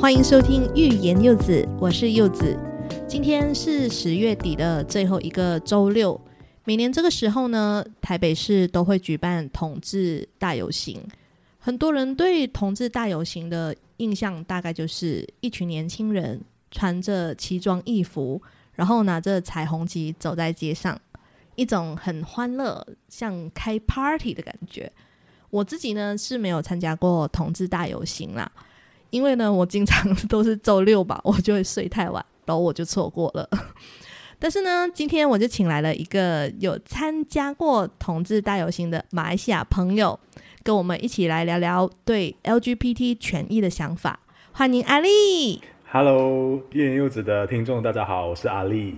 歡迎收聽《毓言柚子》，我是柚子。今天是十月底的最後一個週六。每年這個時候呢，台北市都會舉辦同志大遊行。很多人對同志大遊行的印象，大概就是一群年輕人穿着奇裝異服，然後拿着彩虹旗走在街上，一種很歡樂、像開 party 的感覺。我自己呢是沒有參加過同志大遊行啦。因為呢，我經常都是周六吧，我就會睡太晚，然後我就錯過了。但是呢，今天我就請來了一個有參加過同志大遊行的馬來西亞朋友，跟我們一起來聊聊對 LGBT 權益的想法。歡迎阿力！Hello，毓言柚子的聽眾，大家好，我是阿力。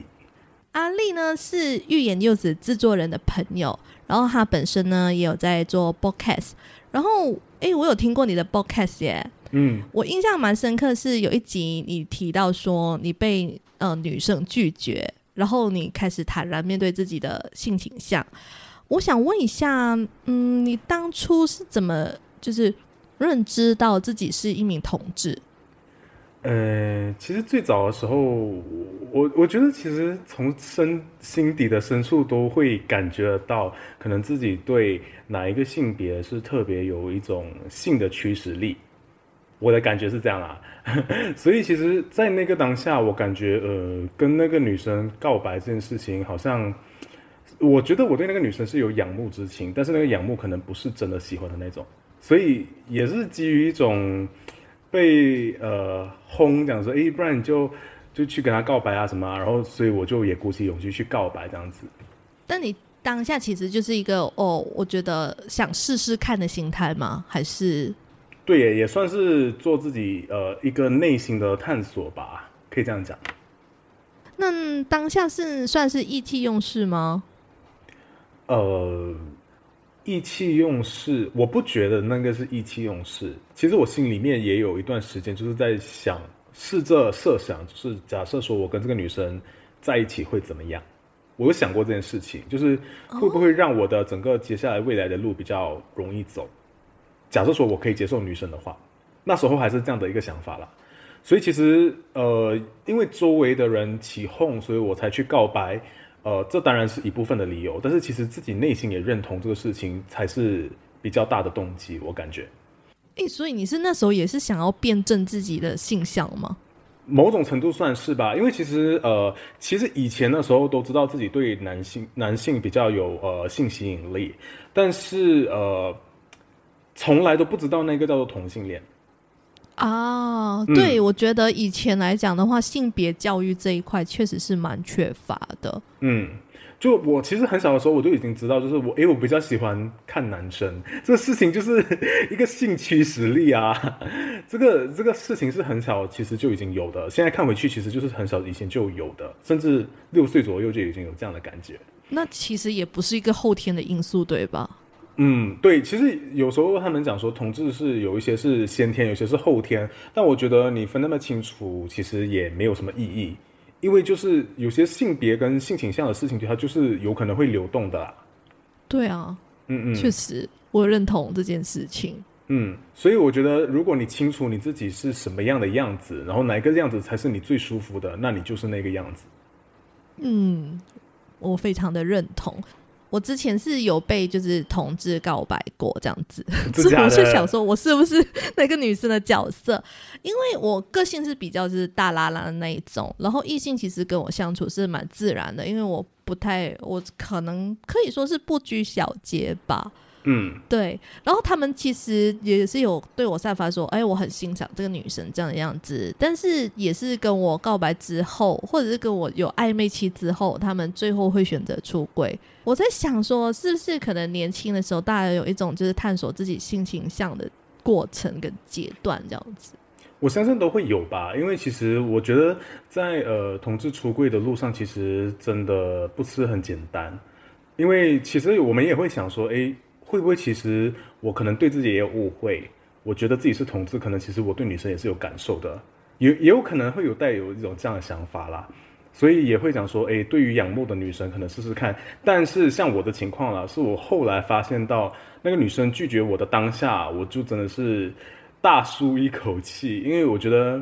阿力呢是毓言柚子製作人的朋友，然後她本身呢也有在做 podcast，然後誒，我有聽過你的 podcast 耶。嗯，我印象蠻深刻的是有一集你提到說你被呃女生拒絕，然後你開始坦然面對自己的性傾向。我想問一下，嗯，你當初是怎麼就是認知到自己是一名同志？呃，其實最早的時候，我我覺得其實從深心底的深處都會感覺得到，可能自己對哪一個性別是特別有一種性的驅使力。我的感覺是這樣啊，所以其實，在那個當下，我感覺呃，跟那個女生告白這件事情，好像我覺得我對那個女生是有仰慕之情，但是那個仰慕可能不是真的喜歡的那種，所以也是基於一種被呃轟講說，哎、欸，不然你就就去跟她告白啊什麼啊，然後所以我就也鼓起勇氣去告白這樣子。但你當下其實就是一個哦，我覺得想試試看的心態嗎？還是？對，也算是做自己呃一個內心的探索吧，可以這樣講。那當下是算是意氣用事嗎？呃，意氣用事，我不覺得那個是意氣用事。其實我心裡面也有一段時間，就是在想，試着設想，就是假設說我跟這個女生在一起會怎麼樣？我有想過這件事情，就是會不會讓我的整個接下來未來的路比較容易走？Oh? 假設說，我可以接受女生的話，那時候還是這樣的一個想法啦。所以其實，呃，因為周圍的人起哄，所以我才去告白。呃，這當然是一部分的理由，但是其實自己內心也認同這個事情才是比較大的動機。我感覺。欸，所以你是那時候也是想要辯證自己的性向嗎？某種程度算是吧，因為其實，呃，其實以前的時候都知道自己對男性男性比較有呃性吸引力，但是呃。從來都不知道那個叫做同性戀啊！對，嗯、我覺得以前來講的話，性別教育這一塊確實是蠻缺乏的。嗯，就我其實很小的時候，我就已經知道，就是我哎，我比較喜歡看男生，這個事情就是一個性取實力啊。這個這個事情是很小，其實就已經有的。現在看回去，其實就是很小以前就有的，甚至六歲左右就已經有這樣的感覺。那其實也不是一個後天的因素，對吧？嗯，對，其實有時候他們講說，同志是有一些是先天，有些是後天。但我覺得你分那麼清楚，其實也沒有什麼意義，因為就是有些性別跟性傾向的事情，它就是有可能會流動的啦。對啊，嗯嗯，確實，我認同這件事情。嗯，所以我覺得，如果你清楚你自己是什麼樣的樣子，然後哪一個樣子才是你最舒服的，那你就是那個樣子。嗯，我非常的認同。我之前是有被就是同志告白過這樣子，是 所以我就想說，我是不是那個女生的角色？因為我個性是比較是大剌剌的那一種，然後異性其實跟我相處是蠻自然的，因為我不太，我可能可以說是不拘小節吧。嗯，對。然後他們其實也是有對我散發說：“哎、欸，我很欣賞這個女生這樣的樣子。”但是也是跟我告白之後，或者是跟我有曖昧期之後，他們最後會選擇出櫃。我在想說，是不是可能年輕的時候，大家有一種就是探索自己性傾向的過程跟階段這樣子？我相信都會有吧，因為其實我覺得在呃，同志出櫃的路上，其實真的不是很簡單。因為其實我們也會想說：“哎、欸。”會不會其實我可能對自己也有誤會？我覺得自己是同志，可能其實我對女生也是有感受的，也也有可能會有帶有一種這樣的想法啦，所以也會想說，誒，對於仰慕的女生，可能試試看。但是像我的情況了，是我後來發現到那個女生拒絕我的當下，我就真的是大舒一口氣，因為我覺得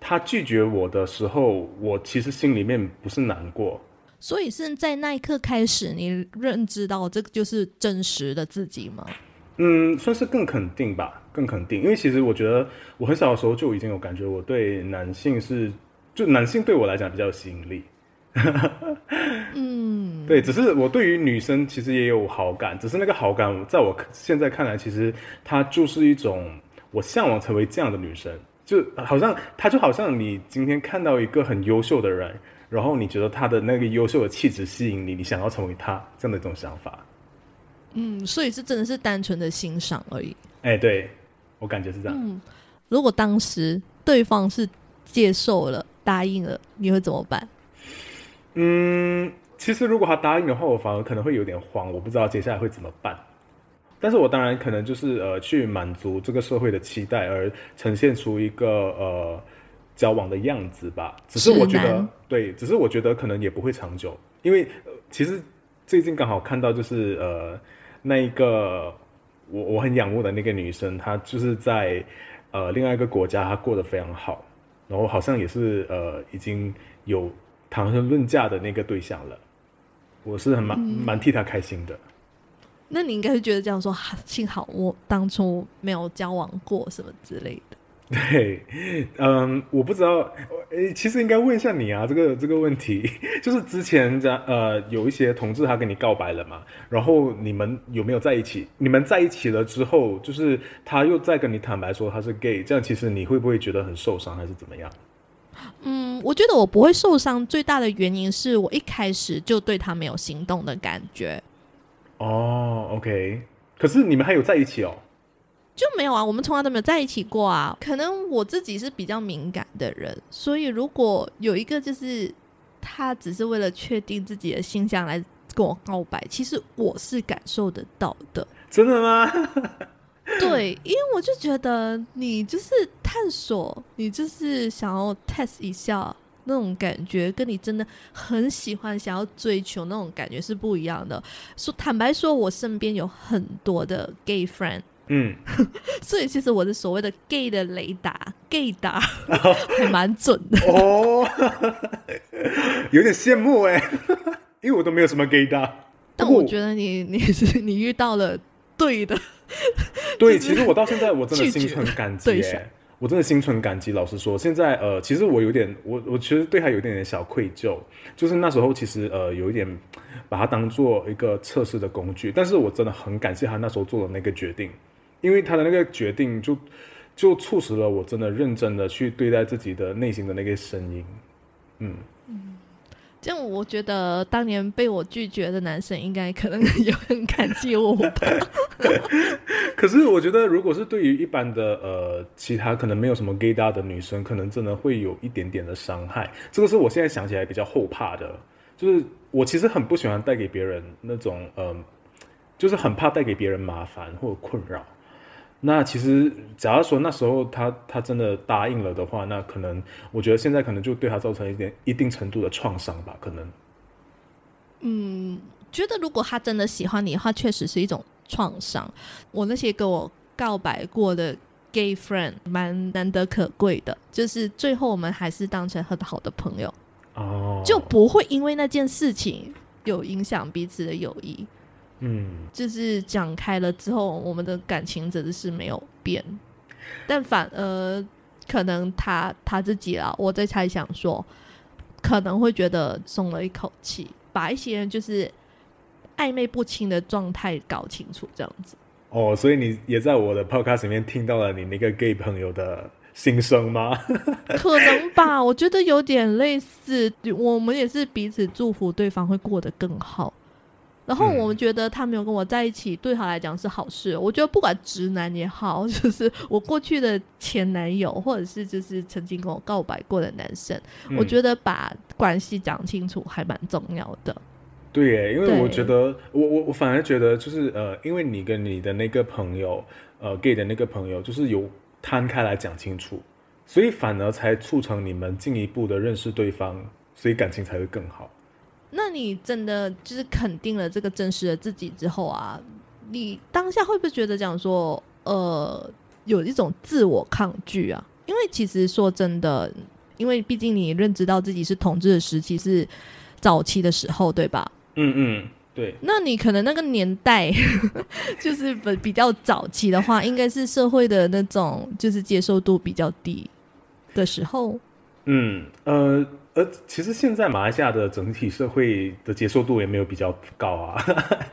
她拒絕我的時候，我其實心裡面不是難過。所以是在那一刻開始，你認知到這個就是真實的自己嗎？嗯，算是更肯定吧，更肯定。因為其實我覺得我很小的時候就已經有感覺，我對男性是，就男性對我來講比較有吸引力。 嗯，對，只是我對於女生其實也有好感，只是那個好感在我現在看來，其實它就是一種我嚮往成為這樣的女生，就好像她就好像你今天看到一個很優秀的人。然後你覺得他的那個優秀的氣質吸引你，你想要成為他這樣的一種想法？嗯，所以是真的是單純的欣賞而已。哎、欸，對，我感覺是這樣。嗯，如果當時對方是接受了、答應了，你會怎麼辦？嗯，其實如果他答應的話，我反而可能會有點慌，我不知道接下來會怎麼辦。但是我當然可能就是呃，去滿足這個社會的期待，而呈現出一個呃。交往的樣子吧，只是我覺得男對，只是我覺得可能也不會長久，因為、呃、其實最近剛好看到就是呃，那一個我我很仰慕的那個女生，她就是在呃另外一個國家，她過得非常好，然後好像也是呃已經有談婚論嫁的那個對象了，我是很蠻蠻、嗯、替她開心的。那你應該會覺得這樣說，幸好我當初沒有交往過什麼之類的。對，嗯，我不知道，誒，其實應該問一下你啊，這個這個問題，就是之前咱呃有一些同志他跟你告白了嘛，然後你們有沒有在一起？你們在一起了之後，就是他又再跟你坦白說他是 gay，這樣其實你會不會覺得很受傷，還是怎麼樣？嗯，我覺得我不會受傷，最大的原因是我一開始就對他沒有心動的感覺。哦，OK，可是你們還有在一起哦。就沒有啊，我們從來都沒有在一起過啊。可能我自己是比較敏感的人，所以如果有一個就是他只是為了確定自己的性向來跟我告白，其實我是感受得到的。真的嗎？ 對，因為我就覺得你就是探索，你就是想要 test 一下那種感覺，跟你真的很喜歡、想要追求那種感覺是不一樣的。說坦白說，我身邊有很多的 gay friend。嗯， 所以其實我是所謂的 gay 的雷達，gay 達還蠻準的哦， oh, 有點羨慕哎、欸， 因為我都沒有什麼 gay 達。但我覺得你、哦、你是你遇到了對的，對， 其，實其實我到現在我真的心存感激、欸， 對下我真的心存感激。老實說，現在呃，其實我有點我我其實對他有一點點小愧疚，就是那時候其實呃有一點把他當做一個測試的工具，但是我真的很感謝他那時候做的那個決定。因為他的那個決定就，就促使了我真的認真的去對待自己的內心的那個聲音，嗯。嗯，這樣我覺得當年被我拒絕的男生，應該可能也很感激我吧。可是，我覺得如果是對於一般的呃其他可能沒有什麼 gaydar 的女生，可能真的會有一點點的傷害。這個是我現在想起來比較後怕的，就是我其實很不喜歡帶給別人那種呃，就是很怕帶給別人麻煩或者困擾。那其實，假如說那時候他他真的答應了的話，那可能我覺得現在可能就對他造成一點一定程度的創傷吧。可能，嗯，覺得如果他真的喜歡你的話，確實是一種創傷。我那些跟我告白過的 gay friend，蠻難得可貴的，就是最後我們還是當成很好的朋友哦，就不會因為那件事情有影響彼此的友誼。嗯，就是講開了之後，我們的感情真的是沒有變，但反而可能他他自己啊，我在猜想說，可能會覺得鬆了一口氣，把一些人就是曖昧不清的狀態搞清楚，這樣子。哦，所以你也在我的 Podcast 裡面聽到了你那個 gay 朋友的心聲嗎？ 可能吧，我覺得有點類似， 我們也是彼此祝福對方會過得更好。然後我們覺得他沒有跟我在一起，嗯、對他來講是好事。我覺得不管直男也好，就是我過去的前男友，或者是就是曾經跟我告白過的男生，嗯、我覺得把關係講清楚還蠻重要的。對耶，因為我覺得，對我我我反而覺得就是呃，因為你跟你的那個朋友，呃，gay 的那個朋友，就是有攤開來講清楚，所以反而才促成你們進一步的認識對方，所以感情才會更好。那你真的就是肯定了這個真實的自己之後啊，你當下會不會覺得講說，呃，有一種自我抗拒啊？因為其實說真的，因為畢竟你認知到自己是同志的時期是早期的時候，對吧？嗯嗯，對。那你可能那個年代呵呵就是不比較早期的話， 應該是社會的那種就是接受度比較低的時候。嗯呃。而其實現在馬來西亞的整體社會的接受度也沒有比較高啊。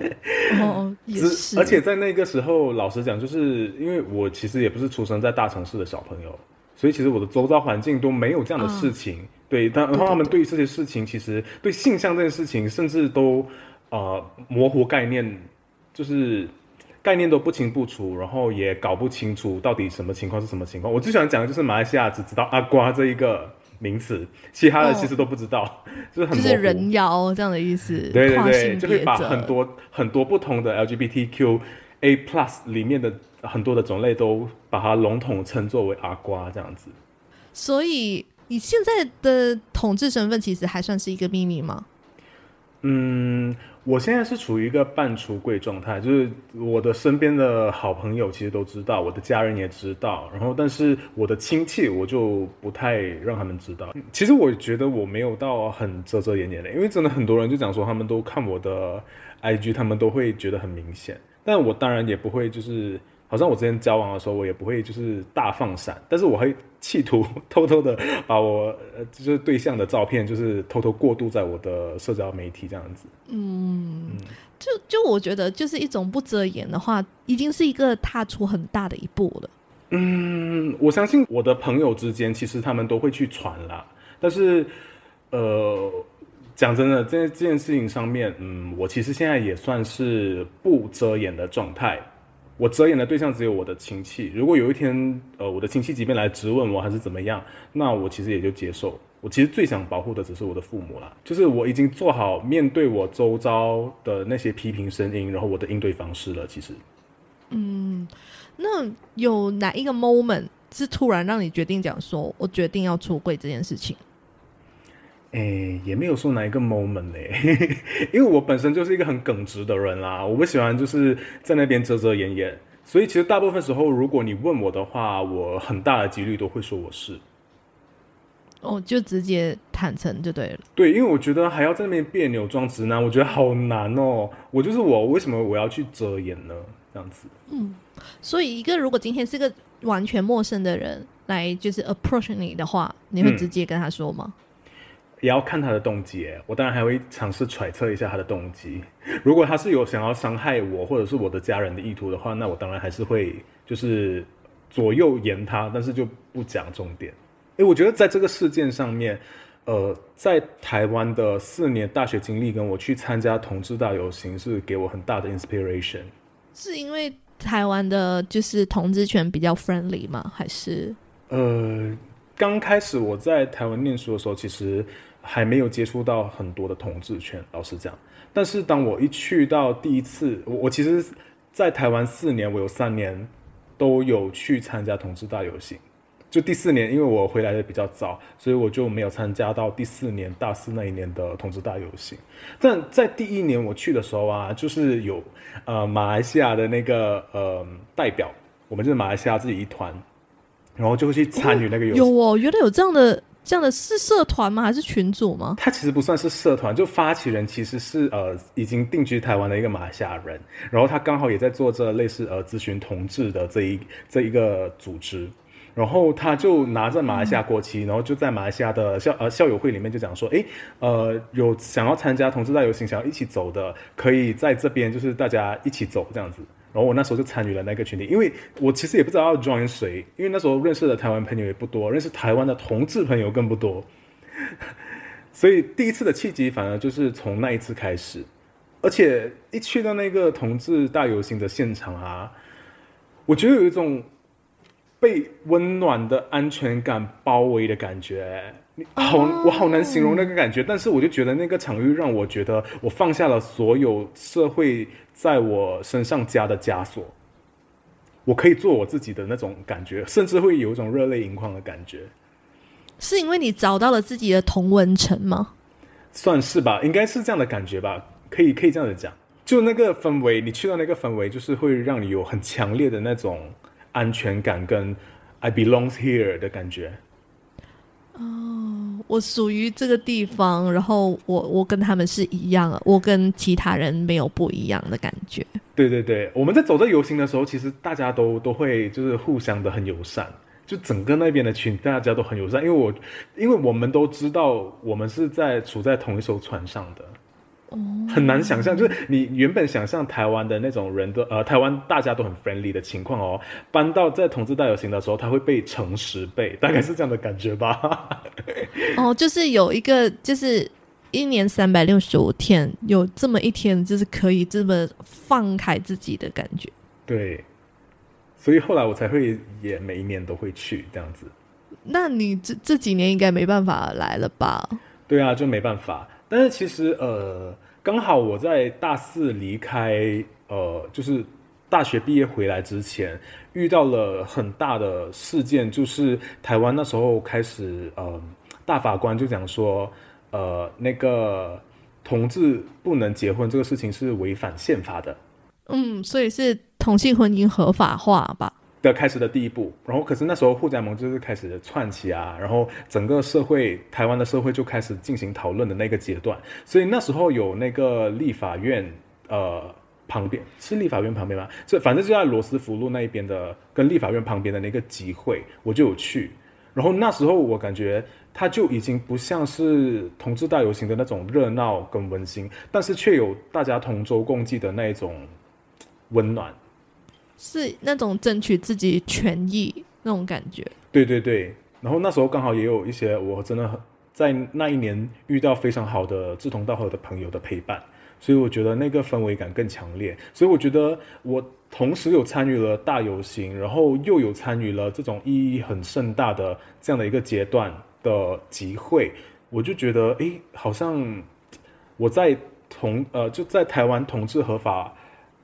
哦，也是。而且在那個時候，老實講，就是因為我其實也不是出生在大城市的小朋友，所以其實我的周遭環境都沒有這樣的事情。啊、對，但然後他們對於這些事情，對對對其實對性向這件事情，甚至都呃模糊概念，就是概念都不清不楚，然後也搞不清楚到底什麼情況是什麼情況。我最想講的就是馬來西亞只知道阿瓜這一個名詞，其他的其實都不知道，哦、就是很模糊。就是人妖這樣的意思，對對對，跨性就會把很多很多不同的 LGBTQ A Plus 裡面的很多的種類都把它籠統稱作為阿瓜這樣子。所以你現在的同志身份其實還算是一個秘密嗎？嗯。我現在是處於一個半出櫃狀態，就是我的身邊的好朋友其實都知道，我的家人也知道，然後但是我的親戚我就不太讓他們知道。嗯，其實我覺得我沒有到很遮遮掩掩的，因為真的很多人就講說他們都看我的 IG，他們都會覺得很明顯，但我當然也不會就是。好像我之前交往的時候，我也不會就是大放閃，但是我會企圖偷，偷偷的把我就是對象的照片，就是偷偷過渡在我的社交媒體這樣子。嗯，嗯就就我覺得就是一種不遮掩的話，已經是一個踏出很大的一步了。嗯，我相信我的朋友之間其實他們都會去傳啦，但是呃講真的這，這件事情上面，嗯，我其實現在也算是不遮掩的狀態。我遮掩的對象只有我的親戚。如果有一天，呃，我的親戚即便來質問我還是怎麼樣，那我其實也就接受。我其實最想保護的只是我的父母啦，就是我已經做好面對我周遭的那些批評聲音，然後我的應對方式了。其實，嗯，那有哪一個 moment 是突然讓你決定講說我決定要出櫃這件事情？誒、欸，也沒有說哪一個 moment 咧、欸。 因為我本身就是一個很耿直的人啦，我不喜歡就是在那邊遮遮掩掩，所以其實大部分時候，如果你問我的話，我很大的幾率都會說我是。哦，就直接坦誠就對了。對，因為我覺得還要在那邊別扭裝直男，我覺得好難哦。我就是我，為什麼我要去遮掩呢？這樣子。嗯，所以一個如果今天是個完全陌生的人來就是 approach 你的話，你會直接跟他說嗎？嗯也要看他的動機、欸，我當然還會嘗試揣測一下他的動機。如果他是有想要傷害我或者是我的家人的意圖的話，那我當然還是會就是左右言他，但是就不講重點。哎、欸，我覺得在這個事件上面，呃，在台灣的四年大學經歷跟我去參加同志大遊行是給我很大的 inspiration。是因為台灣的就是同志圈比較 friendly 嗎？還是？呃，剛開始我在台灣念書的時候，其實。還沒有接觸到很多的同志圈，老實講。但是當我一去到第一次，我我其實，在台灣四年，我有三年都有去參加同志大遊行。就第四年，因為我回來的比較早，所以我就沒有參加到第四年大四那一年的同志大遊行。但在第一年我去的時候啊，就是有呃馬來西亞的那個呃代表，我們就是馬來西亞自己一團，然後就會去參與那個遊行哦，有哦，原來有這樣的。這樣的是社團嗎？還是群組嗎？他其實不算是社團，就發起人其實是呃已經定居台灣的一個馬來西亞人，然後他剛好也在做這類似呃諮詢同志的這一這一個組織，然後他就拿着馬來西亞國旗，嗯、然後就在馬來西亞的校呃校友會裡面就講說，哎呃有想要參加同志大遊行，想要一起走的，可以在這邊就是大家一起走這樣子。然後我那時候就參與了那個群體，因為我其實也不知道要 join 誰，因為那時候認識的台灣朋友也不多，認識台灣的同志朋友更不多， 所以第一次的契機反而就是從那一次開始。而且一去到那個同志大遊行的現場啊，我覺得有一種被溫暖的安全感包圍的感覺。好，我好難形容那個感覺，啊、但是我就覺得那個場域讓我覺得我放下了所有社會。在我身上加的枷鎖，我可以做我自己的那種感覺，甚至會有種熱淚盈眶的感覺。是因為你找到了自己的同溫層嗎？算是吧，應該是這樣的感覺吧，可以可以這樣子講。就那個氛圍，你去到那個氛圍，就是會讓你有很強烈的那種安全感跟 I belong here 的感覺。哦。Oh. 我屬於這個地方，然後我我跟他們是一樣，我跟其他人沒有不一樣的感覺。對對對，我們在走在遊行的時候，其實大家都都會就是互相的很友善，就整個那邊的群大家都很友善，因為我因為我們都知道我們是在處在同一艘船上的。Oh. 很難想象，就是你原本想象台灣的那種人都，呃，台灣大家都很 friendly 的情況哦。搬到在同志大遊行的時候，它會被乘十倍，oh. 大概是這樣的感覺吧。哦 ，oh, 就是有一個，就是一年三百六十五天，有這麼一天，就是可以這麼放開自己的感覺。對，所以後來我才會也每一年都會去這樣子。那你這這幾年應該沒辦法來了吧？對啊，就沒辦法。但是其實，呃，剛好我在大四離開，呃，就是大學畢業回來之前，遇到了很大的事件，就是台灣那時候開始，呃，大法官就講說，呃，那個同志不能結婚這個事情是違反憲法的，嗯，所以是同性婚姻合法化吧。的開始的第一步，然後可是，那時候護家盟就是開始串起啊，然後整個社會台灣的社會就開始進行討論的那個階段，所以那時候有那個立法院，呃，旁邊是立法院旁邊嗎？這反正就在羅斯福路那一邊的，跟立法院旁邊的那個集會，我就有去。然後那時候我感覺，它就已經不像是同志大遊行的那種熱鬧跟溫馨，但是卻有大家同舟共濟的那種溫暖。是那種爭取自己權益那種感覺，對對對。然後那時候剛好也有一些我真的很在那一年遇到非常好的志同道合的朋友的陪伴，所以我覺得那個氛圍感更強烈。所以我覺得我同時有參與了大遊行，然後又有參與了這種意義很盛大的這樣的一個階段的集會，我就覺得誒，好像我在同呃就在台灣同志合法。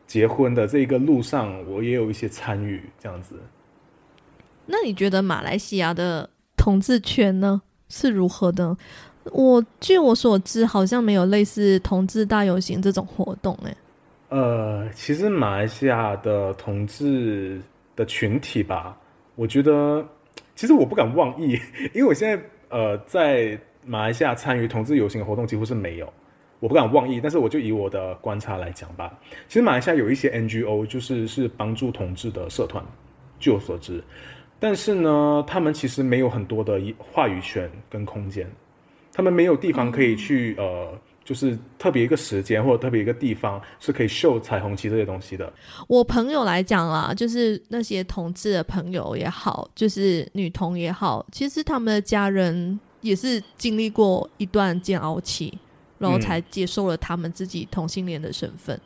結婚的這個路上，我也有一些參與，這樣子。那你覺得馬來西亞的同志圈呢，是如何的？我據我所知，好像沒有類似同志大遊行這種活動誒。呃，其實馬來西亞的同志的群體吧，我覺得其實我不敢妄議，因為我現在呃在馬來西亞參與同志遊行的活動幾乎是沒有。我不敢妄議，但是我就以我的觀察來講吧。其實馬來西亞有一些 NGO，就是是幫助同志的社團，據我所知。但是呢，他們其實沒有很多的話語權跟空間，他們沒有地方可以去，嗯、呃，就是特別一個時間或者特別一個地方是可以秀彩虹旗這些東西的。我朋友來講啦，就是那些同志的朋友也好，就是女同也好，其實他們的家人也是經歷過一段煎熬期。然後才接受了他們自己同性戀的身份。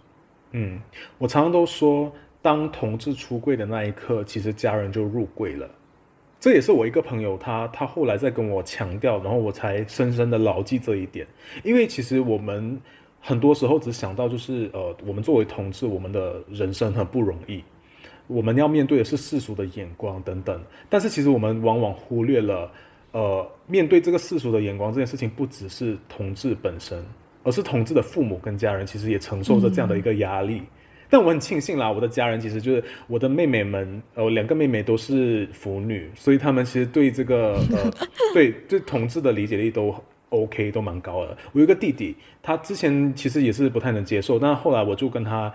嗯，我常常都說，當同志出櫃的那一刻，其實家人就入櫃了。這也是我一個朋友他，他他後來在跟我強調，然後我才深深的牢記這一點。因為其實我們很多時候只想到就是呃，我們作為同志，我們的人生很不容易，我們要面對的是世俗的眼光等等。但是其實我們往往忽略了。呃，面對這個世俗的眼光，這件事情不只是同志本身，而是同志的父母跟家人其實也承受着這樣的一個壓力。嗯。但我很慶幸啦，我的家人其實就是我的妹妹們，呃，兩個妹妹都是腐女，所以他們其實對這個呃，對對同志的理解力都 OK，都蠻高的。我有一個弟弟，他之前其實也是不太能接受，但後來我就跟他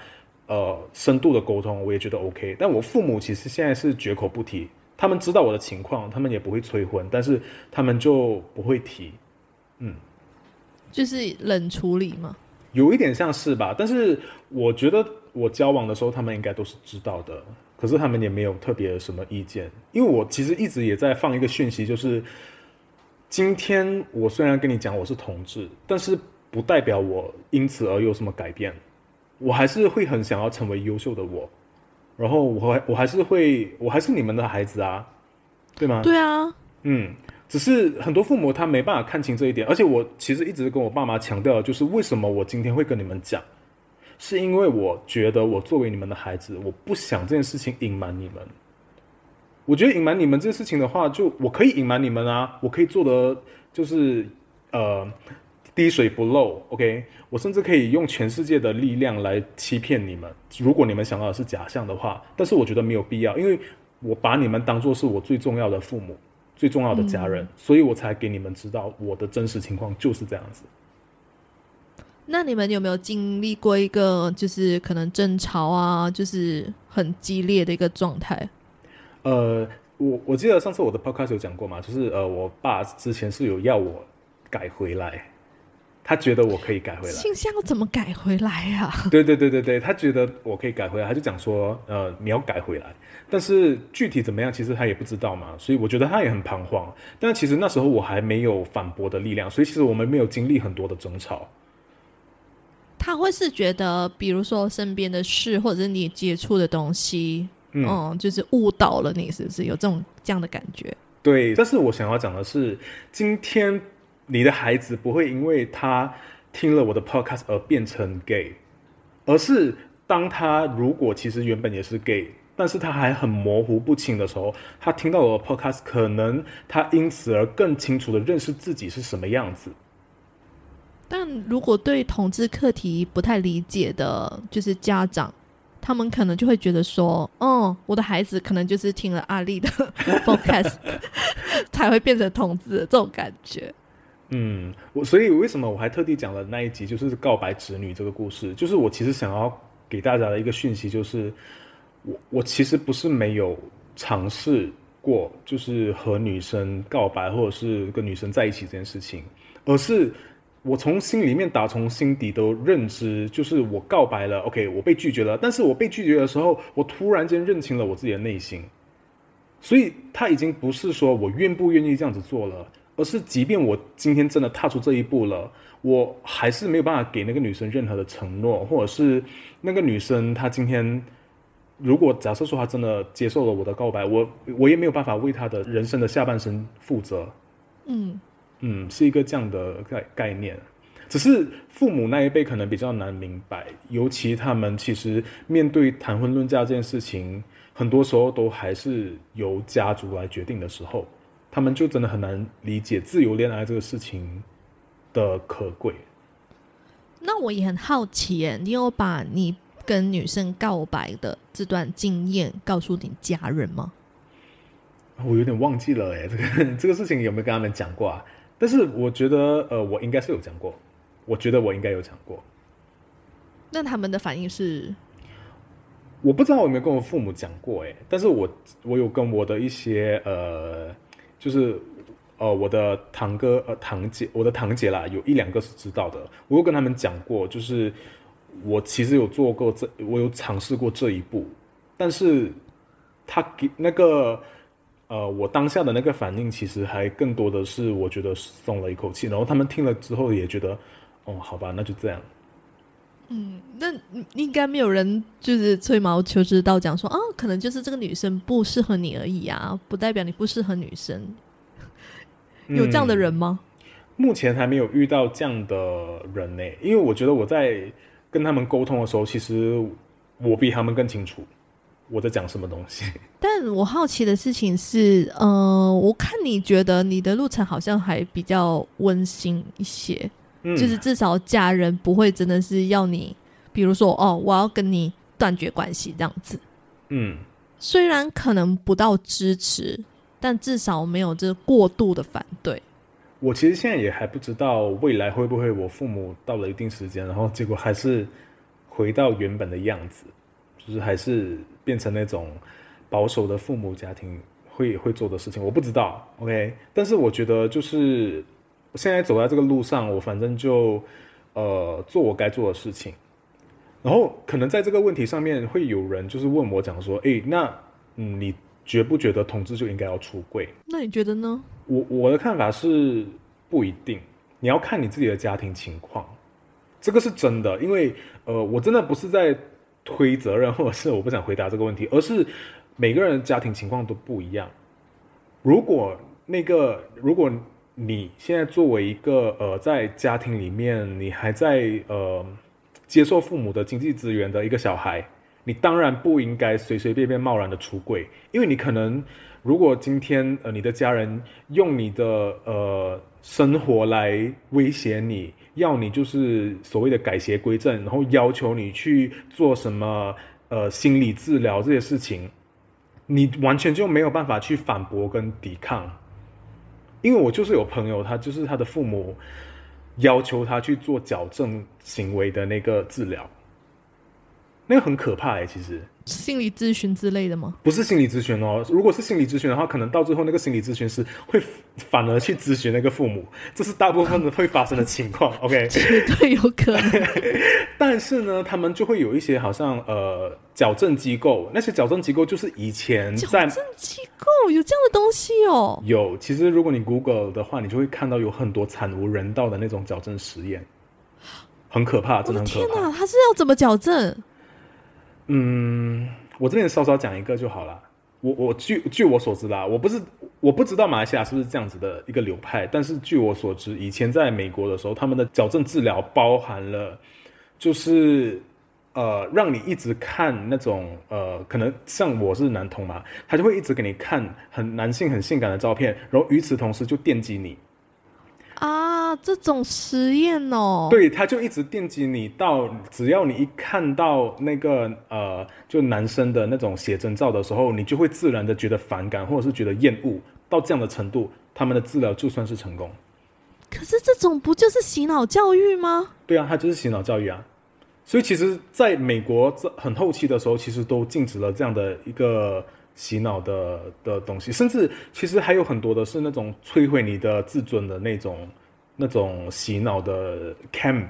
呃深度的溝通，我也覺得 OK。但我父母其實現在是絕口不提。他們知道我的情況，他們也不會催婚，但是他們就不會提，嗯，就是冷處理嗎？有一點像是吧，但是我覺得我交往的時候，他們應該都是知道的，可是他們也沒有特別什麼意見，因為我其實一直也在放一個訊息，就是今天我雖然跟你講我是同志，但是不代表我因此而有什麼改變，我還是會很想要成為優秀的我。然後我還我還還是會我還是你們的孩子啊，對嗎？對啊，嗯，只是很多父母他沒辦法看清這一點，而且我其實一直跟我爸媽強調，就是為什麼我今天會跟你們講，是因為我覺得我作為你們的孩子，我不想這件事情隱瞞你們。我覺得隱瞞你們這個事情的話，就我可以隱瞞你們啊，我可以做的就是呃。滴水不漏，OK，我甚至可以用全世界的力量來欺騙你們。如果你們想要的是假象的話，但是我覺得沒有必要，因為我把你們當做是我最重要的父母、最重要的家人，嗯、所以我才給你們知道我的真實情況就是這樣子。那你們有沒有經歷過一個就是可能爭吵啊，就是很激烈的一個狀態？呃，我我記得上次我的 Podcast 有講過嘛，就是呃，我爸之前是有要我改回來。他覺得我可以改回來，性向怎麼改回來呀？對對對對對，他覺得我可以改回來，他就講說，呃，你要改回來，但是具體怎麼樣，其實他也不知道嘛，所以我覺得他也很彷徨。但其實那時候我還沒有反駁的力量，所以其實我們沒有經歷很多的爭吵。他會是覺得，比如說身邊的事，或者是你接觸的東西，嗯，就是誤導了你，是不是有這種這樣的感覺？對，但是我想要講的是，今天。你的孩子不會因為他聽了我的 podcast 而變成 gay，而是當他如果其實原本也是 gay，但是他還很模糊不清的時候，他聽到我的 podcast，可能他因此而更清楚的認識自己是什麼樣子。但如果對同志課題不太理解的，就是家長，他們可能就會覺得說，嗯，我的孩子可能就是聽了阿力的 podcast 才會變成同志的這種感覺。嗯，我所以為什麼我還特地講了那一集，就是告白直女這個故事，就是我其實想要給大家的一個訊息，就是我我其實不是沒有嘗試過，就是和女生告白或者是跟女生在一起這件事情，而是我從心裡面打從心底都認知，就是我告白了，OK，我被拒絕了，但是我被拒絕的時候，我突然間認清了我自己的內心，所以他已經不是說我願不願意這樣子做了。而是，即便我今天真的踏出這一步了，我還是沒有辦法給那個女生任何的承諾，或者是那個女生她今天如果假設說她真的接受了我的告白，我我也沒有辦法為她的人生的下半生負責。嗯嗯，是一個這樣的概概念。只是父母那一輩可能比較難明白，尤其他們其實面對談婚論嫁這件事情，很多時候都還是由家族來決定的時候。他們就真的很難理解自由戀愛這個事情的可貴。那我也很好奇，你有把你跟女生告白的這段經驗告訴你家人嗎？我有點忘記了，哎，這個這個事情有沒有跟他們講過啊？但是我覺得，呃，我應該是有講過，我覺得我應該有講過。那他們的反應是？我不知道我有沒有跟我父母講過，哎，但是我我有跟我的一些呃。就是，呃，我的堂哥、呃堂姐，我的堂姐啦，有一兩個是知道的。我有跟他們講過，就是我其實有做過這，我有嘗試過這一步，但是他給那個，呃，我當下的那個反應，其實還更多的是我覺得鬆了一口氣。然後他們聽了之後也覺得，哦，好吧，那就這樣。嗯，那應該沒有人就是吹毛求疵到講說，哦、啊，可能就是這個女生不適合你而已啊，不代表你不適合女生。 有這樣的人嗎、嗯？目前還沒有遇到這樣的人呢、欸，因為我覺得我在跟他們溝通的時候，其實我比他們更清楚我在講什麼東西。但我好奇的事情是，呃，我看你覺得你的路程好像還比較溫馨一些。就是至少家人不會真的是要你，比如說哦，我要跟你斷絕關係這樣子。嗯，雖然可能不到支持，但至少沒有這過度的反對。我其實現在也還不知道未來會不會，我父母到了一定時間，然後結果還是回到原本的樣子，就是還是變成那種保守的父母家庭會會做的事情。我不知道，OK？但是我覺得就是。現在走在這個路上，我反正就，呃，做我該做的事情。然後可能在這個問題上面，會有人就是問我講說：“哎，那、嗯、你覺不覺得同志就應該要出櫃？”那你覺得呢？我我的看法是不一定，你要看你自己的家庭情況，這個是真的。因為呃，我真的不是在推責任，或者是我不想回答這個問題，而是每個人的家庭情況都不一樣。如果那個如果。你現在作為一個呃，在家庭裡面，你還在呃接受父母的經濟資源，的一個小孩，你當然不應該隨隨便便貿然的出櫃。因為你可能如果今天呃你的家人用你的呃生活來威脅你，要你就是所謂的改邪歸正，然後要求你去做什麼呃心理治療這些事情，你完全就沒有辦法去反駁跟抵抗。因為我就是有朋友，他就是他的父母要求他去做矯正行為的那個治療，那個很可怕哎，其實。心理諮詢之類的嗎？不是心理諮詢哦。如果是心理諮詢的話，可能到最後那個心理諮詢師會反而去諮詢那個父母，這是大部分的會發生的情況。啊、OK，絕對有可能。 但是呢，他們就會有一些好像呃矯正機構，那些矯正機構就是以前在矯正機構有這樣的東西哦。有，其實如果你 Google 的話，你就會看到有很多慘無人道的那種矯正實驗，很可怕。真的很可怕。我的天哪，他是要怎麼矯正？嗯，我這邊稍稍講一個就好了。我我據據我所知啦，我不是我不知道馬來西亞是不是這樣子的一個流派，但是據我所知，以前在美國的時候，他們的矯正治療包含了，就是呃，讓你一直看那種呃，可能像我是男同嘛，他就會一直給你看很男性很性感的照片，然後與此同時就電擊你。啊，這種實驗哦，對，他就一直電擊你，到只要你一看到那個呃，就男生的那種寫真照的時候，你就會自然的覺得反感，或者是覺得厭惡，到這樣的程度，他們的治療就算是成功。可是這種不就是洗腦教育嗎？對啊，他就是洗腦教育啊。所以其實，在美國這很後期的時候，其實都禁止了這樣的一個。洗腦的的東西，甚至其實還有很多的是那種摧毀你的自尊的那種、那種洗腦的 camp，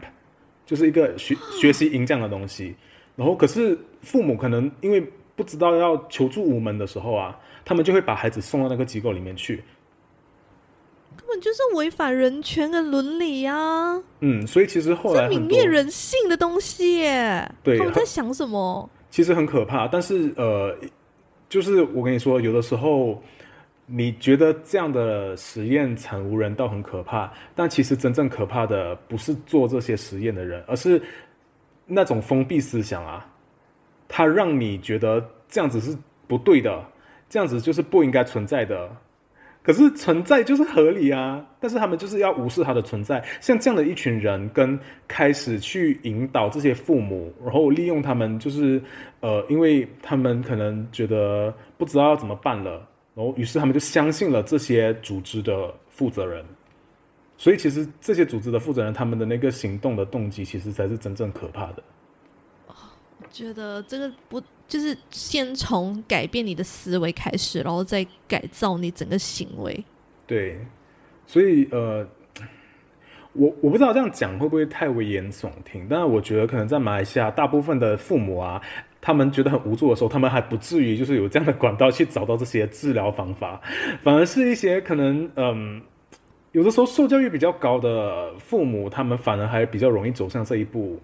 就是一個學學習營這樣的東西。 然後，可是父母可能因為不知道要求助無門的時候啊，他們就會把孩子送到那個機構裡面去，根本就是違反人權的倫理呀、啊。嗯，所以其實後來泯滅人性的東西耶，對他們在想什麼，其實很可怕。但是呃。就是我跟你說，有的時候，你覺得這樣的實驗慘無人道很可怕，但其實真正可怕的不是做這些實驗的人，而是那種封閉思想啊，它讓你覺得這樣子是不對的，這樣子就是不應該存在的。可是存在就是合理啊！但是他們就是要無視他的存在。像這樣的一群人，跟開始去引導這些父母，然後利用他們，就是呃，因為他們可能覺得不知道要怎麼辦了，然後於是他們就相信了這些組織的負責人。所以其實這些組織的負責人，他們的那個行動的動機，其實才是真正可怕的。我覺得這個不。就是先從改變你的思維開始，然後再改造你整個行為。對，所以呃，我我不知道這樣講會不會太危言聳聽，但是我覺得可能在馬來西亞，大部分的父母啊，他們覺得很無助的時候，他們還不至於就是有這樣的管道去找到這些治療方法，反而是一些可能嗯、呃，有的時候受教育比較高的父母，他們反而還比較容易走向這一步。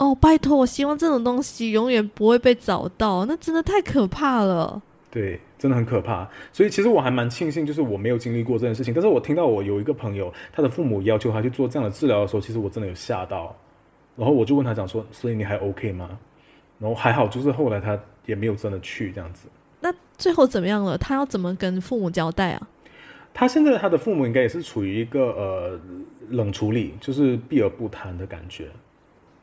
哦，拜託，我希望這種東西永遠不會被找到，那真的太可怕了。對，真的很可怕。所以其實我還蠻慶幸，就是我沒有經歷過這件事情。但是我聽到我有一個朋友，他的父母要求他去做這樣的治療的時候，其實我真的有嚇到。然後我就問他講說：“所以你還 OK 嗎？”然後還好，就是後來他也沒有真的去這樣子。那最後怎麼樣了？他要怎麼跟父母交代啊？他現在他的父母應該也是處於一個呃冷處理，就是避而不談的感覺。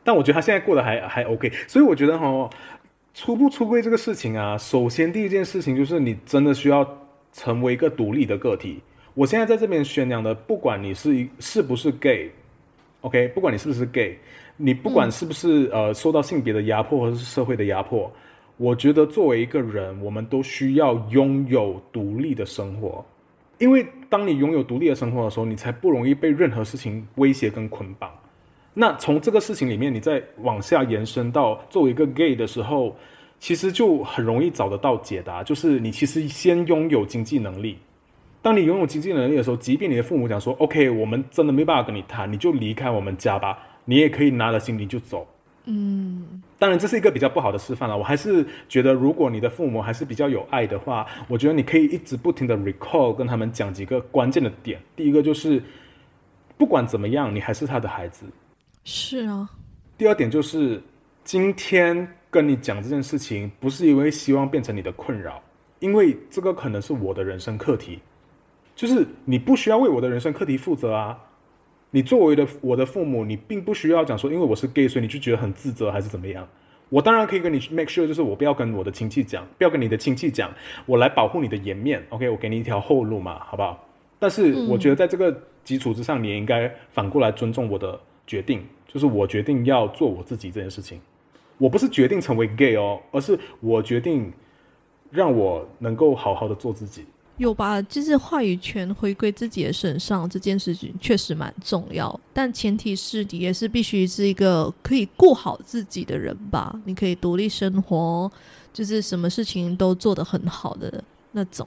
但我覺得他現在過得還還 OK，所以我覺得哈，出不出櫃這個事情啊，首先第一件事情就是你真的需要成為一個獨立的個體。我現在在這邊宣揚的，不管你是是不是 gay，OK，、okay? 不管你是不是 gay，你不管是不是、嗯、呃受到性別的壓迫或者是社會的壓迫，我覺得作為一個人，我們都需要擁有獨立的生活，因為當你擁有獨立的生活的時候，你才不容易被任何事情威脅跟捆綁。那從這個事情裡面，你再往下延伸到作為一個 gay 的時候，其實就很容易找得到解答。就是你其實先擁有經濟能力，當你擁有經濟能力的時候，即便你的父母講說 “OK，我們真的沒辦法跟你談，你就離開我們家吧”，你也可以拿了行李就走。嗯，當然這是一個比較不好的示範了。我還是覺得，如果你的父母還是比較有愛的話，我覺得你可以一直不停的 recall 跟他們講幾個關鍵的點。第一個就是，不管怎麼樣，你還是他的孩子。是啊，第二點就是，今天跟你講這件事情，不是因為希望變成你的困擾，因為這個可能是我的人生課題，就是你不需要為我的人生課題負責啊。你作為我的我的父母，你並不需要講說，因為我是 gay，所以你就覺得很自責還是怎麼樣？我當然可以跟你 make sure，就是我不要跟我的親戚講，不要跟你的親戚講，我來保護你的顏面。OK，我給你一條後路嘛，好不好？但是我覺得在這個基礎之上，你也應該反過來尊重我的。決定，就是我決定要做我自己這件事情，我不是決定成為 gay 哦，而是我決定讓我能夠好好的做自己。有吧，就是話語權回歸自己的身上這件事情確實蠻重要，但前提是你也是必須是一個可以過好自己的人吧？你可以獨立生活，就是什麼事情都做得很好的那種。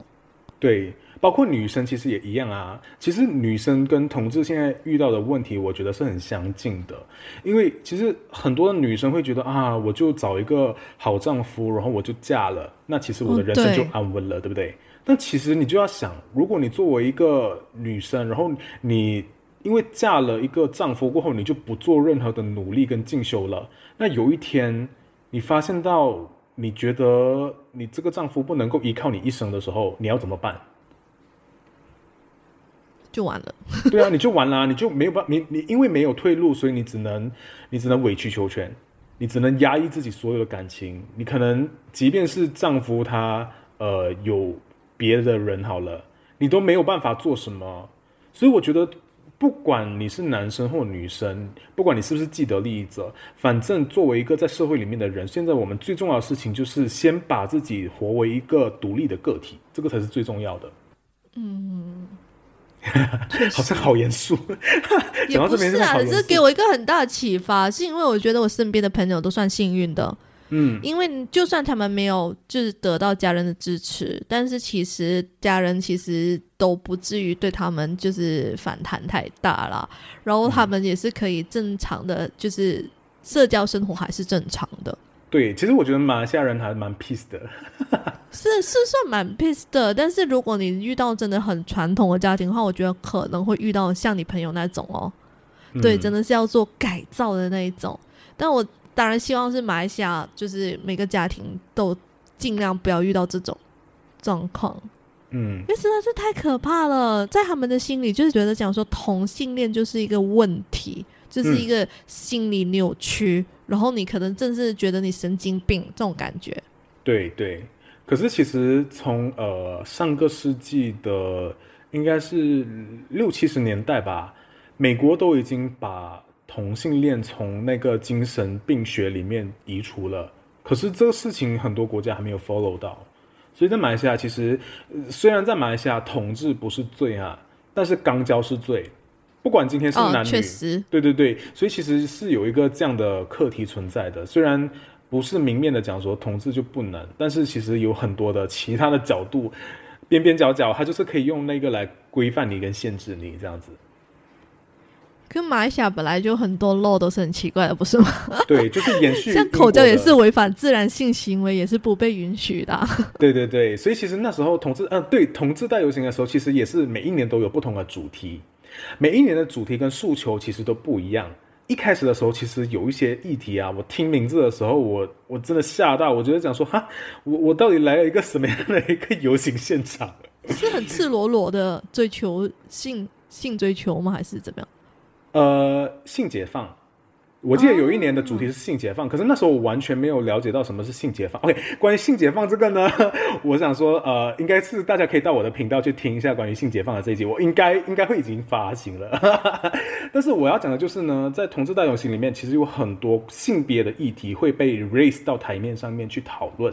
對。包括女生其實也一樣啊。其實女生跟同志現在遇到的問題，我覺得是很相近的。因為其實很多的女生會覺得啊，我就找一個好丈夫，然後我就嫁了，那其實我的人生就安穩了，哦、對，對不對？但其實你就要想，如果你作為一個女生，然後你因為嫁了一個丈夫過後，你就不做任何的努力跟進修了，那有一天你發現到你覺得你這個丈夫不能夠依靠你一生的時候，你要怎麼辦？就完了。 對啊，你就完了啊，你就沒有辦，你你因為沒有退路，所以你只能，你只能委曲求全，你只能壓抑自己所有的感情。你可能即便是丈夫他呃有別的人好了，你都沒有辦法做什麼。所以我覺得，不管你是男生或女生，不管你是不是既得利益者，反正作為一個在社會裡面的人，現在我們最重要的事情就是先把自己活為一個獨立的個體，這個才是最重要的。嗯。 好像好嚴肅，也不是啊，只 是是給我一個很大的啟發，是因為我覺得我身邊的朋友都算幸運的，嗯，因為就算他們沒有就是得到家人的支持，但是其實家人其實都不至於對他們就是反彈太大啦。然後他們也是可以正常的就是社交生活還是正常的。嗯對，其實我覺得馬來西亞人還蠻 peace 的， 是是算蠻 peace 的。但是如果你遇到真的很傳統的家庭的話，我覺得可能會遇到像你朋友那種哦，嗯、對，真的是要做改造的那一種。但我當然希望是馬來西亞，就是每個家庭都盡量不要遇到這種狀況，嗯，因為實在是太可怕了。在他們的心裡，就是覺得講說同性戀就是一個問題。這是一個心理扭曲，嗯、然後你可能甚至覺得你神經病這種感覺。對對，可是其實從呃上個世紀的應該是六七十年代吧，美國都已經把同性戀從那個精神病學裡面移除了，可是這個事情很多國家還沒有 follow 到，所以在馬來西亞其實、呃、雖然在馬來西亞同志不是罪案，啊，但是肛交是罪。不管今天是男女，哦、對對對，所以其實是有一個這樣的課題存在的。雖然不是明面的講說同志就不能，但是其實有很多的其他的角度，邊邊角角，它就是可以用那個來規範你跟限制你這樣子。跟馬來西亞本來就很多 law，都是很奇怪的，不是嗎？ 對，就是延續，像口交也是違反自然性行為，也是不被允許的。 對對對，所以其實那時候同志，嗯、啊，對，同志大遊行的時候，其實也是每一年都有不同的主題。每一年的主題跟訴求其實都不一樣。一開始的時候，其實有一些議題啊，我聽名字的時候我，我我真的嚇到，我覺得講說哈，我我到底來了一個什麼樣的一個遊行現場？是很赤裸裸的追求性性追求嗎？還是怎麼樣？呃，性解放。我記得有一年的主題是性解放，oh, okay. 可是那時候我完全沒有了解到什麼是性解放。OK，關於性解放這個呢，我想說，呃，應該是大家可以到我的頻道去聽一下關於性解放的這一集，我應該應該會已經發行了。 但是我要講的就是呢，在同志大旅行裡面，其實有很多性別的議題會被 raise 到台面上面去討論。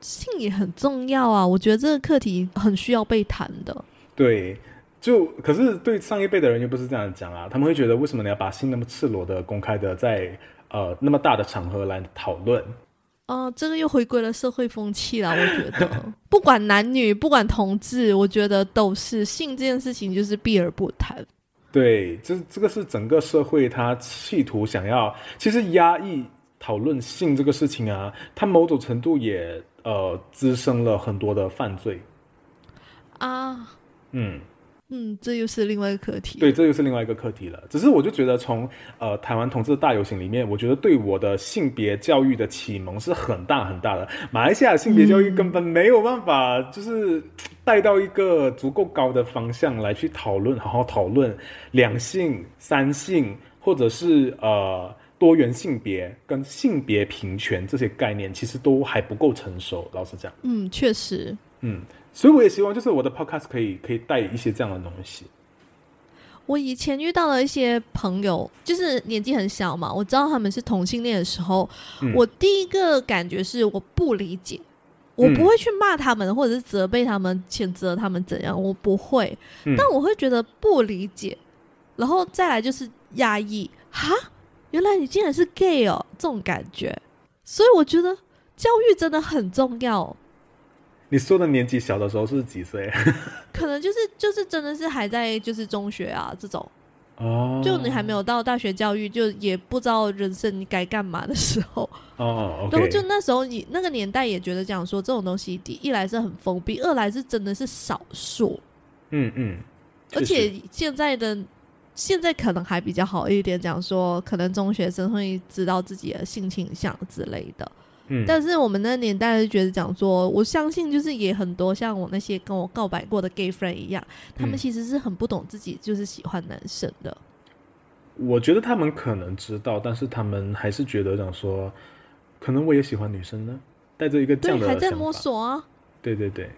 性也很重要啊，我覺得這個課題很需要被談的。對。就可是對上一輩的人又不是這樣講啊，他們會覺得為什麼你要把性那麼赤裸的、公開的在呃那麼大的場合來討論？啊、呃，這個又回歸了社會風氣了。我覺得 不管男女，不管同志，我覺得都是性這件事情就是避而不談。對，這這個是整個社會他企圖想要其實壓抑討論性這個事情啊，它某種程度也呃滋生了很多的犯罪。啊，嗯。嗯，這又是另外一個課題。對，這又是另外一個課題了。只是我就覺得從，從呃台灣同志的大遊行裡面，我覺得對我的性別教育的啟蒙是很大很大的。馬來西亞性別教育根本沒有辦法，就是帶到一個足夠高的方向來去討論，嗯，好好討論兩性、三性，或者是呃多元性別跟性別平權這些概念，其實都還不夠成熟，老實講。嗯，確實。嗯。所以我也希望，就是我的 Podcast 可以可以帶一些這樣的東西。我以前遇到了一些朋友，就是年紀很小嘛，我知道他們是同性戀的時候，嗯、我第一個感覺是我不理解，嗯、我不會去罵他們，或者是責備他們、譴責他們怎樣，我不會，嗯、但我會覺得不理解，然後再來就是壓抑，哈，原來你竟然是 gay 哦，這種感覺。所以我覺得教育真的很重要。你說的年紀小的時候是幾歲？ 可能就是就是真的是還在就是中學啊這種，哦，oh, 就你還沒有到大學教育，就也不知道人生該幹嘛的時候哦。Oh, okay. 然後就那時候你那個年代也覺得講說這種東西，第一來是很封閉，二來是真的是少數。嗯。嗯嗯，而且現在的現在可能還比較好一點，講說可能中學生會知道自己的性傾向之類的。但是我們那年代就覺得講說，嗯，我相信就是也很多像我那些跟我告白過的 gay friend 一樣，他們其實是很不懂自己就是喜歡男生的。我覺得他們可能知道，但是他們還是覺得講說，可能我也喜歡女生呢，帶着一個這樣的想法。對，還在摸索啊。對對對。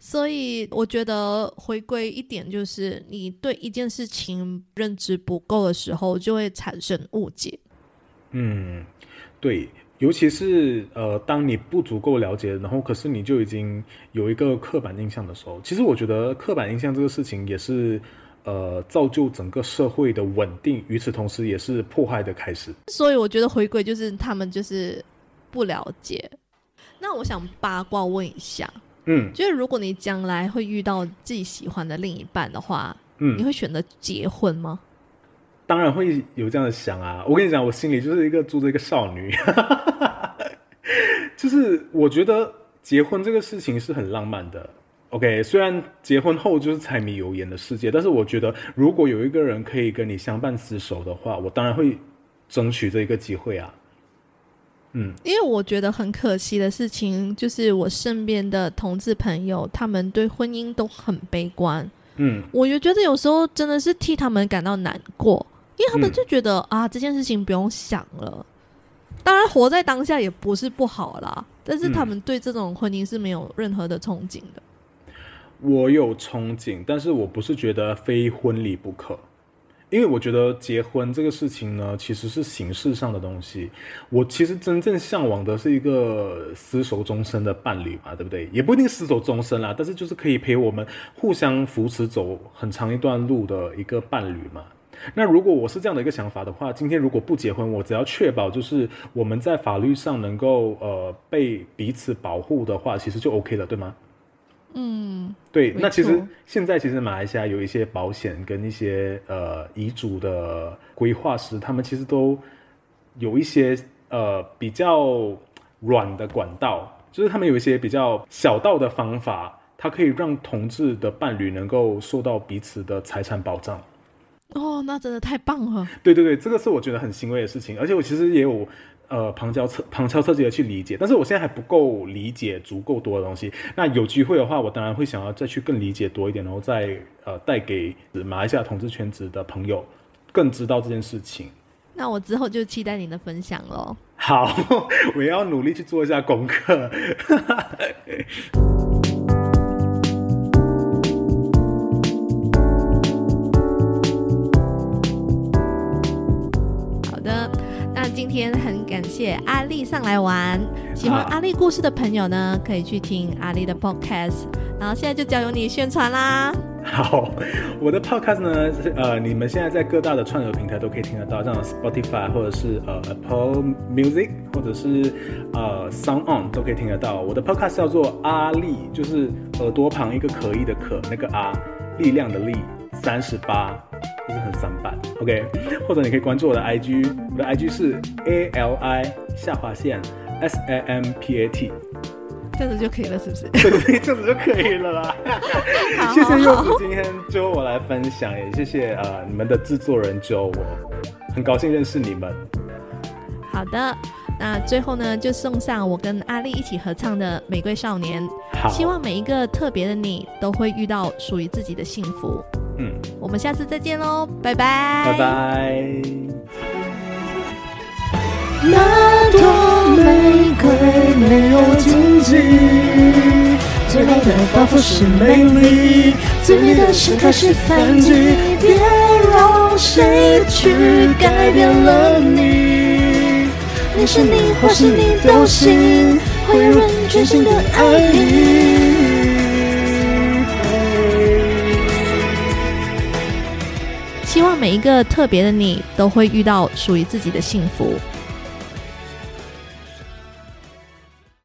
所以我覺得回歸一點就是，你對一件事情認知不夠的時候，就會產生誤解。嗯，對。尤其是呃，當你不足夠了解，然後可是你就已經有一個刻板印象的時候，其實我覺得刻板印象這個事情也是，呃，造就整個社會的穩定，與此同時也是迫害的開始。所以我覺得回歸就是他們就是不了解。那我想八卦問一下，嗯，就是如果你將來會遇到自己喜歡的另一半的話，嗯，你會選擇結婚嗎？當然會有這樣的想啊！我跟你講，我心裡就是一個住着一個少女哈哈哈哈，就是我覺得結婚這個事情是很浪漫的。OK，雖然結婚後就是柴米油鹽的世界，但是我覺得如果有一個人可以跟你相伴廝守的話，我當然會爭取這一個機會啊。嗯，因為我覺得很可惜的事情就是我身邊的同志朋友，他們對婚姻都很悲觀。嗯，我就覺得有時候真的是替他們感到難過。因為他們就覺得、嗯、啊，這件事情不用想了。當然，活在當下也不是不好啦。但是他們對這種婚姻是沒有任何的憧憬的。我有憧憬，但是我不是覺得非婚禮不可。因為我覺得結婚這個事情呢，其實是形式上的東西。我其實真正嚮往的是一個廝守終身的伴侶嘛，對不對？也不一定廝守終身啦，但是就是可以陪我們互相扶持走很長一段路的一個伴侶嘛。那如果我是這樣的一個想法的話，今天如果不結婚，我只要確保就是我們在法律上能夠呃被彼此保護的話，其實就 OK 了，對嗎？嗯，對。沒錯。那其實現在其實馬來西亞有一些保險跟一些呃遺囑的規劃師，他們其實都有一些呃比較軟的管道，就是他們有一些比較小道的方法，它可以讓同志的伴侶能夠受到彼此的財產保障。哦，那真的太棒了！對對對，這個是我覺得很欣慰的事情，而且我其實也有呃旁敲側旁敲側擊的去理解，但是我現在還不夠理解足夠多的東西。那有機會的話，我當然會想要再去更理解多一點，然後再呃帶給馬來西亞同志圈子的朋友更知道這件事情。那我之後就期待您的分享嘍。好，我也要努力去做一下功課。 今天很感謝阿力上來玩，喜歡阿力故事的朋友呢，啊、可以去聽阿力的 podcast。然後現在就交由你宣傳啦。好，我的 podcast 呢，呃，你們現在在各大的串流平台都可以聽得到，像 Spotify 或者是呃 Apple Music 或者是呃 SoundOn 都可以聽得到。我的 podcast 叫做阿力，就是耳朵旁一個可以的可，那個阿、啊、力量的力。三十八，38，就是很三百 OK，或者你可以關注我的 IG，我的 IG 是 ALI 下劃線 SAMPAT，這樣子就可以了，是不是？ 這樣子就可以了啦。 好好好謝謝柚子，今天最後我來分享，也謝謝呃你們的製作人就有，就我很高興認識你們。好的，那最後呢，就送上我跟阿力一起合唱的《玫瑰少年》好，希望每一個特別的你都會遇到屬於自己的幸福。嗯，我們下次再見嘍，拜拜，拜拜。哪朵玫瑰沒有荊棘，最好的報復是美麗，最美的盛開是反擊，別讓誰去改變了你。你是你，或是你都行，會有人全心的愛你。希望每一個特別的你，都會遇到屬於自己的幸福。